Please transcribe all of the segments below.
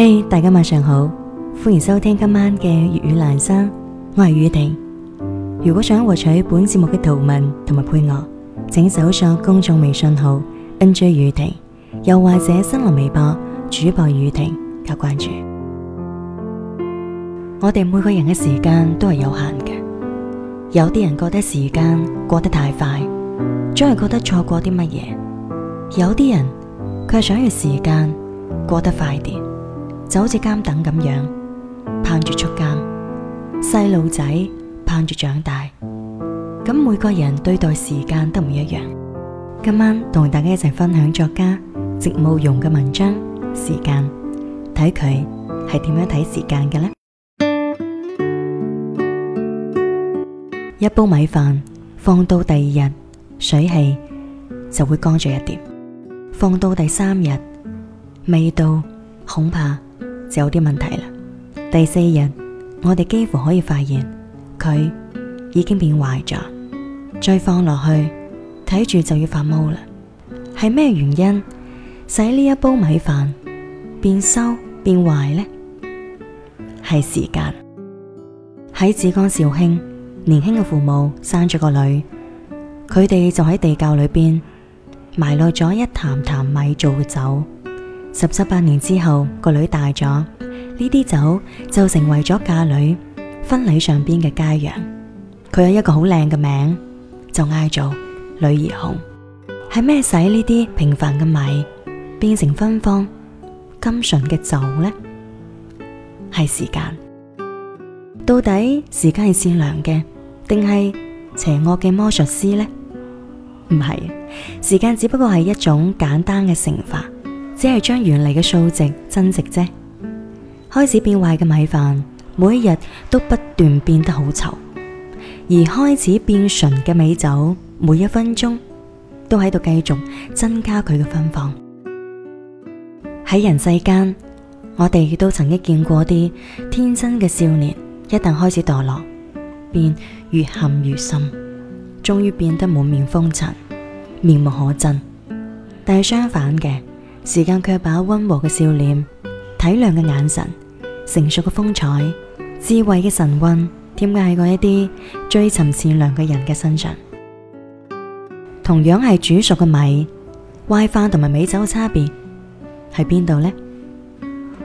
嘿，hey, 大家晚上好，歡迎收聽今晚嘅粵語蘭生，我係雨婷。如果想獲取本節目嘅圖文同埋配樂，請搜索公眾微信號 NJ 雨婷，又或者新浪微博主播雨婷加關注。我哋每個人嘅時間都係有限嘅，有啲人覺得時間過得太快，總係覺得錯過啲乜嘢；有啲人佢係想要時間過得快啲。就好似監等咁樣，盼住出監；細路仔盼住長大。咁每個人對待時間都唔一樣。今晚同大家一齊分享作家席慕蓉嘅文章《時間》，睇佢係點樣睇時間嘅呢。一煲米飯放到第二日，水氣就會乾咗一點；放到第三日，味道恐怕。就有啲問題啦。第四日，我哋幾乎可以發現佢已經變壞咗。再放落去，睇住就要發毛啦。係咩原因使呢一煲米飯變餿變壞呢？係時間。喺浙江紹興，年輕嘅父母生咗個女，佢哋就喺地窖裏邊埋落咗一壇壇米做的酒。十七八年之後，個女大咗，呢啲酒就成為咗嫁女婚禮上邊嘅佳釀。佢有一個好靚嘅名，就嗌做女兒紅。係咩使呢啲平凡嘅米變成芬芳甘醇嘅酒呢？係時間。到底時間係善良嘅，定係邪惡嘅魔術師呢？唔係，時間只不過係一種簡單嘅乘法。只係將原嚟嘅數值增值啫。開始變壞嘅米飯，每一日都不斷變得好臭；而開始變醇嘅美酒，每一分鐘都喺度繼續增加佢嘅芬芳。喺人世間，我哋都曾經見過啲天真嘅少年，一旦開始墮落，便越陷越深，終於變得滿面風塵、面目可憎。但係相反嘅。時間卻把温和嘅笑臉、體諒嘅眼神、成熟嘅風采、智慧嘅神韻，添加喺嗰一啲追尋善良嘅人嘅身上。同樣係煮熟嘅米，壞飯同埋美酒嘅差別喺邊度咧？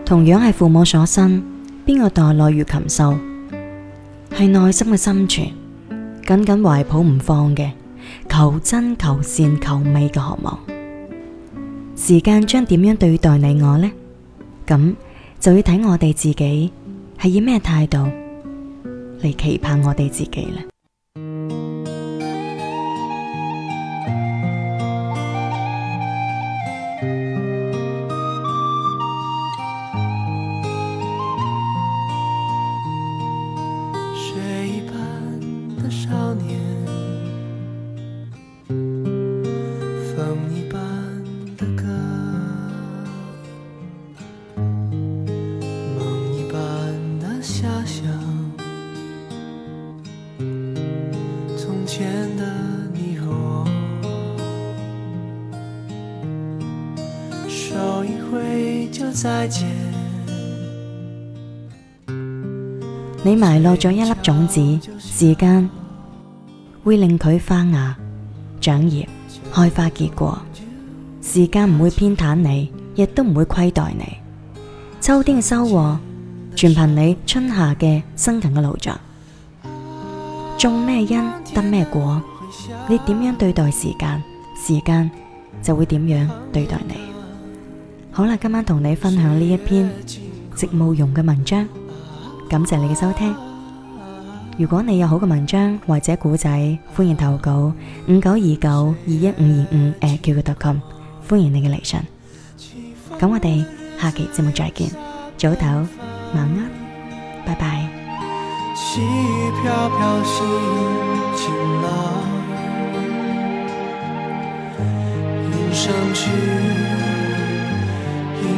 同樣係父母所生，邊個墮落如禽獸？係內心嘅深處，緊緊懷抱唔放嘅，求真、求善、求美嘅渴望。時間將點樣對待你我呢？咁就要睇我哋自己係以咩態度嚟期盼我哋自己啦。你埋落咗一粒種子，時間會令佢發芽、長葉、開花結果。時間唔會偏袒你，亦都唔會虧待你。秋天嘅收穫，全憑你春夏嘅辛勤嘅勞作。種咩因，得咩果，你點樣對待時間，時間就會點樣對待你。好啦，今晚同你分享呢一篇席慕蓉嘅文章，感謝你嘅收聽。如果你有好嘅文章或者古仔，歡迎投稿五九二九二一五二五，@qq.com，歡迎你嘅嚟信。咁我哋下期節目再見，早唞，晚安，拜拜。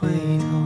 回頭。